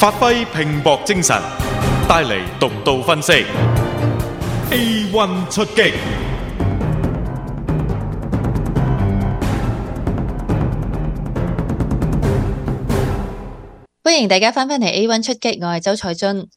發揮拼搏精神，帶嚟獨到分析。A one 出擊，歡迎大家翻返嚟 A one 出擊，我係周彩津。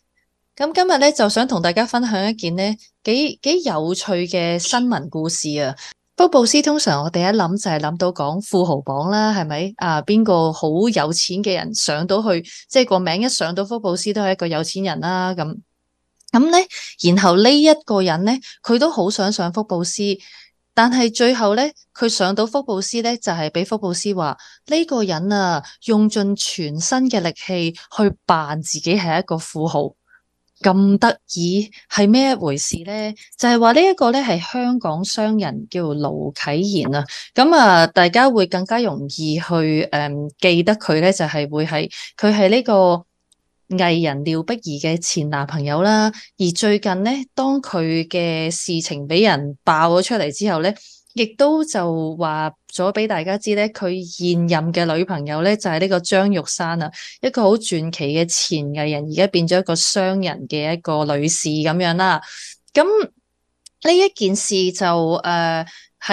咁今日咧就想同大家分享一件咧幾幾有趣嘅新聞故事啊！福布斯通常我哋一諗就係諗到講富豪榜啦，係咪啊？邊個好有錢嘅人上到去，即係個名一上到福布斯都係一個有錢人啦。咁咁咧，然後呢一個人咧，佢都好想上福布斯，但係最後咧，佢上到福布斯咧，就係、是、俾福布斯話呢、這個人啊，用盡全身嘅力氣去扮自己係一個富豪。咁得意係咩一回事咧？就係、是、話呢一個咧，係香港商人叫盧啟賢啊，咁、嗯、啊大家會更加容易去誒、嗯、記得佢咧，就係、是、會喺佢係呢個藝人廖碧兒嘅前男朋友啦。而最近咧，當佢嘅事情俾人爆咗出嚟之後咧。亦都就話咗俾大家知咧，佢現任嘅女朋友咧就係、是、呢個張玉山啊，一個好傳奇嘅前藝人，而家變咗一個商人嘅一個女士咁樣啦。咁呢一件事就誒喺、呃、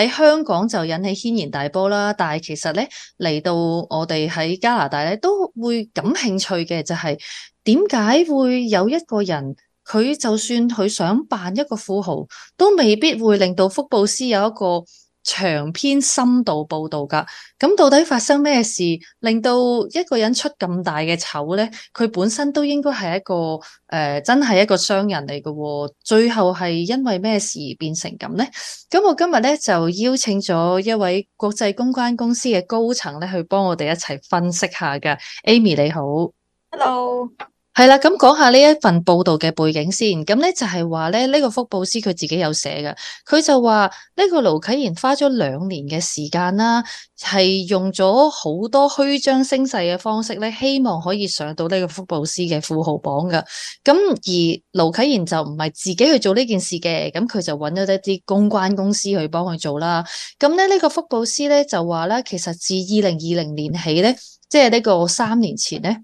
香港就引起軒然大波啦。但係其實咧嚟到我哋喺加拿大咧都會感興趣嘅就係點解會有一個人？佢就算佢想扮一個富豪，都未必會令到福布斯有一個長篇深度報道噶。咁到底發生咩事，令到一個人出咁大嘅醜咧？佢本身都應該係一個誒、呃，真係一個商人嚟噶、哦。最後係因為咩事而變成咁咧？咁我今日咧就邀請咗一位國際公關公司嘅高層咧，去幫我哋一齊分析下噶。Amy 你好，Hello。係啦，咁講下呢一份報道嘅背景先。咁咧就係話咧，呢個福布斯佢自己有寫嘅，佢就話呢個盧啟賢花咗兩年嘅時間啦，係用咗好多虛張聲勢嘅方式咧，希望可以上到呢個福布斯嘅富豪榜噶。咁而盧啟賢就唔係自己去做呢件事嘅，咁佢就揾咗一啲公關公司去幫佢做啦。咁咧呢個福布斯咧就話咧，其實自二零二零年起咧，即係呢個三年前咧。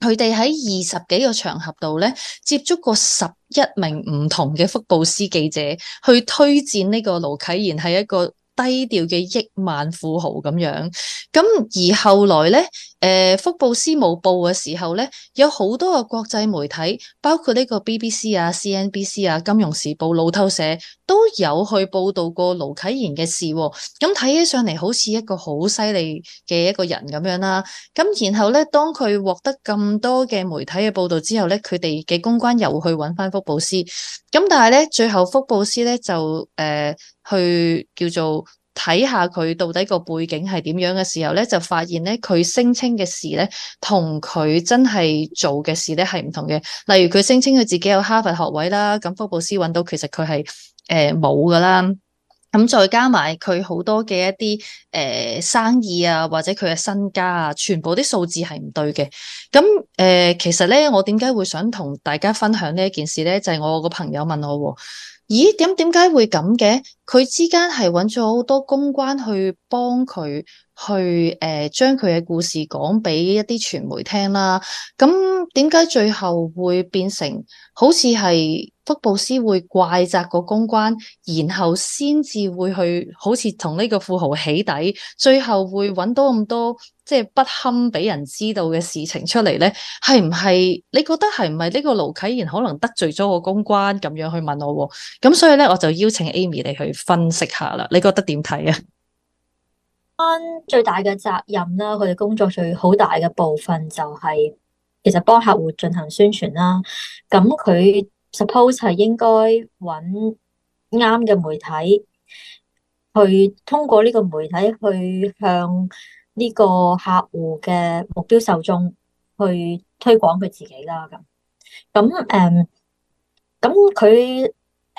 佢哋喺二十幾個場合度咧，接觸過十一名唔同嘅福布斯記者，去推薦呢個盧啟賢係一個低調嘅億萬富豪咁樣。咁而後來咧，誒、呃、福布斯冇報嘅時候咧，有好多個國際媒體，包括呢個 BBC 啊、CNBC 啊、金融時報、路透社都有去報道過盧啟賢嘅事，哦，咁睇起上嚟好似一個好犀利嘅一個人咁樣啦、啊。咁然後咧，當佢獲得咁多嘅媒體嘅報道之後咧，佢哋嘅公關又去搵返福布斯。咁但係咧，最後福布斯咧就誒、呃、去叫做睇下佢到底個背景係點樣嘅時候咧，就發現咧佢聲稱嘅事咧，的的事呢同佢真係做嘅事咧係唔同嘅。例如佢聲稱佢自己有哈佛學位啦，咁福布斯搵到其實佢係。誒，冇㗎、呃、啦，咁再加埋佢好多嘅一啲誒、呃、生意啊，或者佢嘅身家啊，全部啲數字係唔對嘅。咁誒、呃，其實咧，我點解會想同大家分享呢一件事咧？就係、是、我個朋友問我，咦，咁點解會咁嘅？佢之間係搵咗好多公關去幫佢去誒、呃，將佢嘅故事講俾一啲傳媒聽啦。咁點解最後會變成好似係？福布斯會怪責個公關，然後先至會去，好似同呢個富豪起底，最後會揾到咁多即係不堪俾人知道嘅事情出嚟咧，係唔係？你覺得係唔係？呢個盧啟賢可能得罪咗個公關咁樣去問我，咁所以咧，我就邀請 Amy 你去分析下啦。你覺得點睇啊？翻最大嘅責任啦，佢哋工作最好大嘅部分就係、是，其實幫客戶進行宣傳啦。咁佢。suppose 係應該揾啱嘅媒體，去通過呢個媒體去向呢個客戶嘅目標受眾去推廣佢自己啦。咁咁誒，咁、嗯、佢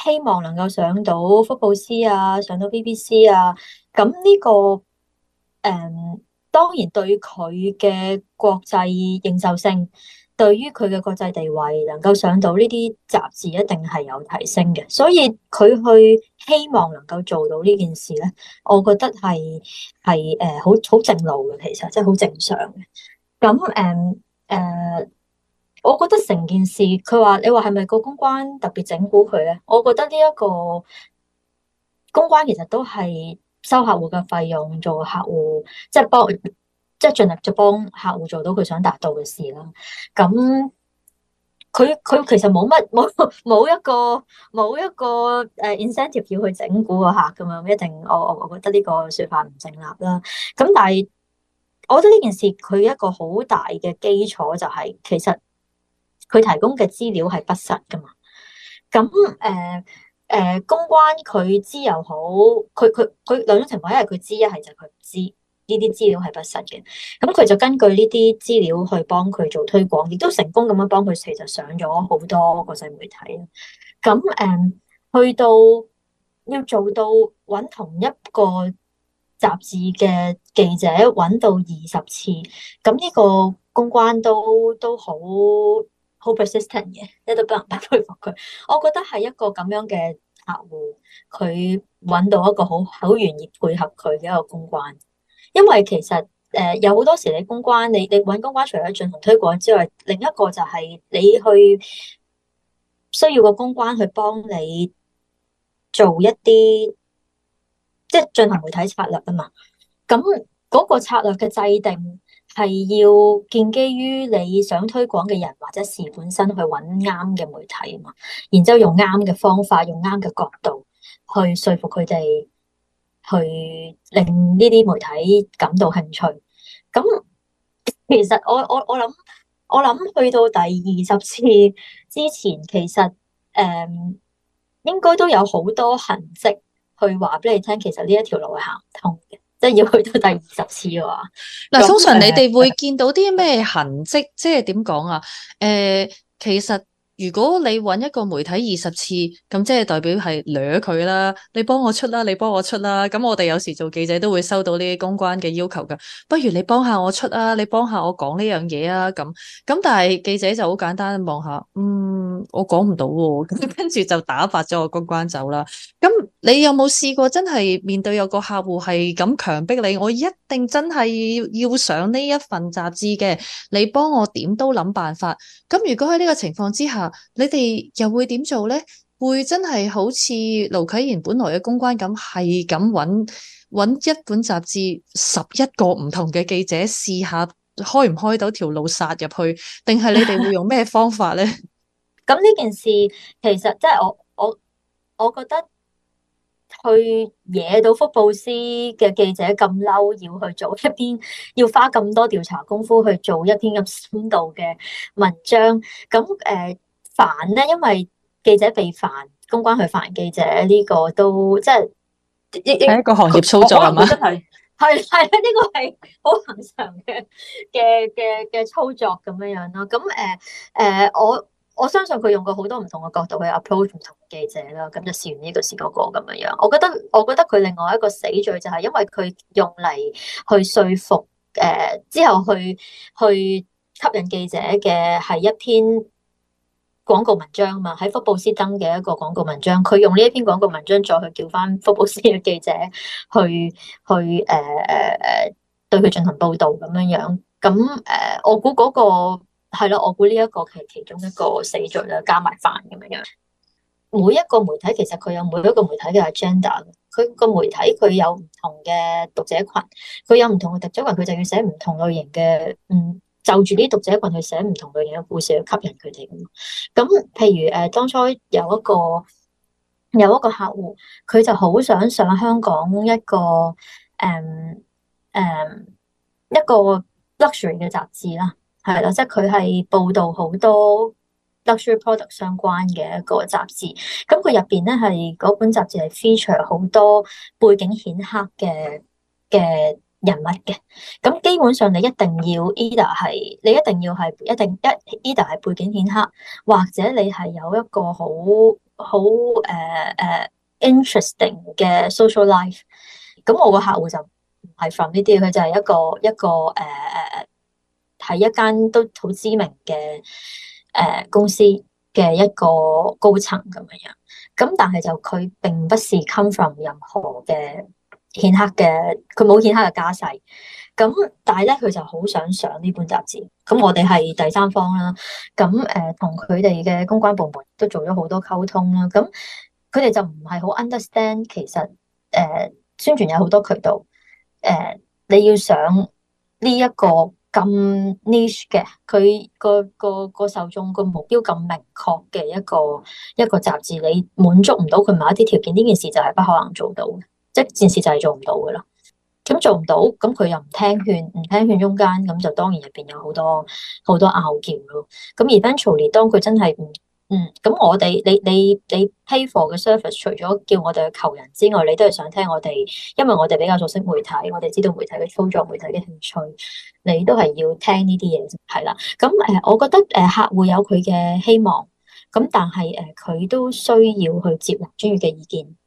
希望能夠上到福布斯啊，上到 BBC 啊。咁呢、這個誒、嗯，當然對佢嘅國際認受性。對於佢嘅國際地位，能夠上到呢啲雜誌，一定係有提升嘅。所以佢去希望能夠做到呢件事咧，我覺得係係誒好好正路嘅，其實即係好正常嘅。咁誒誒，我覺得成件事，佢話你話係咪個公關特別整蠱佢咧？我覺得呢一個公關其實都係收客戶嘅費用，做客戶即係、就是、幫。即係盡力就幫客戶做到佢想達到嘅事啦。咁佢佢其實冇乜冇冇一個冇一個誒 incentive 要去整蠱個客噶嘛？一定我我我覺得呢個說法唔成立啦。咁但係我覺得呢件事佢一個好大嘅基礎就係其實佢提供嘅資料係不實噶嘛。咁誒誒公關佢知又好，佢佢佢兩種情況，一係佢知，一係就佢唔知。呢啲資料係不實嘅，咁佢就根據呢啲資料去幫佢做推廣，亦都成功咁樣幫佢其實上咗好多國際媒體。咁誒、嗯，去到要做到揾同一個雜誌嘅記者揾到二十次，咁呢個公關都都好好 persistent 嘅，一都不能不佩服佢。我覺得係一個咁樣嘅客戶，佢揾到一個好好願意配合佢嘅一個公關。因為其實誒，有好多時你公關，你你搵公關除咗進行推廣之外，另一個就係你去需要個公關去幫你做一啲即係進行媒體策略啊嘛。咁嗰個策略嘅制定係要建基於你想推廣嘅人或者事本身去搵啱嘅媒體啊嘛，然之後用啱嘅方法，用啱嘅角度去說服佢哋。去令呢啲媒體感到興趣，咁其實我我我諗我諗去到第二十次之前，其實誒、嗯、應該都有好多痕迹去話俾你聽，其實呢一條路係行唔通嘅，即係要去到第二十次嘅話，嗱，通常你哋會見到啲咩痕迹？即係點講啊？誒、呃，其實。如果你揾一個媒體二十次，咁即係代表係掠佢啦。你幫我出啦，你幫我出啦。咁我哋有時做記者都會收到呢啲公關嘅要求㗎。不如你幫下我出啦，幫下我啊，你幫下我講呢樣嘢啊。咁咁但係記者就好簡單咁望下，嗯，我講唔到喎。咁跟住就打發咗個公關走啦。咁你有冇試過真係面對有個客戶係咁強迫你？我一定真係要上呢一份雜誌嘅。你幫我點都諗辦法。咁如果喺呢個情況之下，你哋又會點做咧？會真係好似盧啟賢本來嘅公關咁，係咁揾揾一本雜誌，十一個唔同嘅記者試下開唔開到條路殺入去？定係你哋會用咩方法咧？咁呢件事其實即係我我我覺得去惹到福布斯嘅記者咁嬲，要去做一篇要花咁多調查功夫去做一篇咁深度嘅文章，咁誒。煩咧，因為記者被煩，公關去煩記者，呢、這個都即係一個行業操作係嘛，我真係係係呢個係好恒常嘅嘅嘅嘅操作咁樣樣咯。咁誒誒，我我相信佢用過好多唔同嘅角度去 approach 唔同記者啦。咁就試完呢個，試嗰個咁樣樣。我覺得我覺得佢另外一個死罪就係因為佢用嚟去說服誒、呃、之後去去吸引記者嘅係一篇廣告文章嘛，喺福布斯登嘅一個廣告文章，佢用呢一篇廣告文章再去叫翻福布斯嘅記者去去誒誒誒對佢進行報道咁樣樣，咁誒我估嗰個係咯，我估呢、那、一個係、啊、其中一個死罪啦，加埋犯咁樣樣。每一個媒體其實佢有每一個媒體嘅 agenda，佢個媒體佢有唔同嘅讀者群，佢有唔同嘅讀者群，佢就要寫唔同類型嘅嗯。就住啲讀者羣去寫唔同類型嘅故事去吸引佢哋咁。咁譬如誒、呃，當初有一個有一個客戶，佢就好想上香港一個誒誒、嗯嗯、一個 luxury 嘅雜誌啦，係啦，即係佢係報導好多 luxury product 相關嘅一個雜誌。咁佢入邊咧係嗰本雜誌係 feature 好多背景顯赫嘅嘅人物嘅，咁基本上你一定要 either 係你一定要係一定一 either 係背景顯赫，或者你係有一個好好誒誒 interesting 嘅 social life。咁我個客戶就唔係 from 呢啲，佢就係一個一個誒誒，喺、uh, 一間都好知名嘅誒、uh, 公司嘅一個高層咁樣。咁但係就佢並不是 come from 任何嘅。顯赫嘅，佢冇顯赫嘅架勢咁，但係咧佢就好想上呢本雜誌咁。我哋係第三方啦，咁誒同佢哋嘅公關部門都做咗好多溝通啦。咁佢哋就唔係好 understand，其實誒、呃、宣傳有好多渠道誒、呃，你要上呢一個咁 niche 嘅，佢、個、個、個受眾個目標咁明確嘅一個一個雜誌，你滿足唔到佢某一啲條件，呢件事就係不可能做到。一件事就係做唔到噶啦，咁做唔到，咁佢又唔聽勸，唔聽勸中間，咁就當然入邊有好多好多拗撬咯。咁 eventually 當佢真係唔嗯，咁我哋你你你 pay for 嘅 service，除咗叫我哋去求人之外，你都係想聽我哋，因為我哋比較熟悉媒體，我哋知道媒體嘅操作、媒體嘅興趣，你都係要聽呢啲嘢，係啦。咁誒，我覺得誒，客戶有佢嘅希望，咁但係誒，佢都需要去接納專業嘅意見。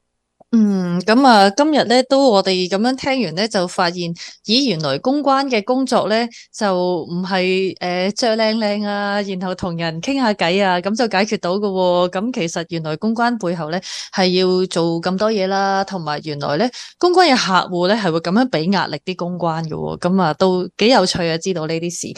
嗯，咁啊，今日咧都我哋咁樣聽完咧，就發現，咦，原來公關嘅工作咧就唔係誒着靚靚啊，然後同人傾下偈啊，咁就解決到㗎喎。咁其實原來公關背後咧係要做咁多嘢，啦，同埋原來咧公關嘅客戶咧係會咁樣俾壓力啲公關㗎喎。咁啊，都幾有趣啊，知道呢啲事。